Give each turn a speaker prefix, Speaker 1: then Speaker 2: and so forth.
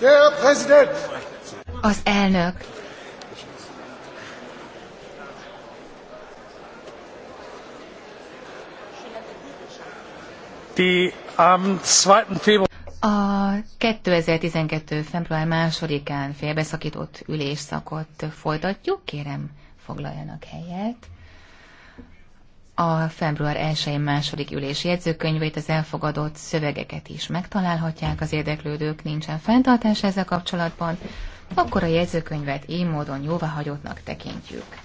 Speaker 1: Der Präsident!
Speaker 2: Az elnök.
Speaker 3: Die am 2. Februar
Speaker 4: a 2012. február másodikán félbeszakított ülésszakot folytatjuk. Kérem, foglaljanak helyet a február 1 második ülés jegyzőkönyvét, az elfogadott szövegeket is megtalálhatják az érdeklődők, nincsen fenntartás ezzel kapcsolatban, akkor a jegyzőkönyvet így módon jóváhagyottnak
Speaker 5: tekintjük.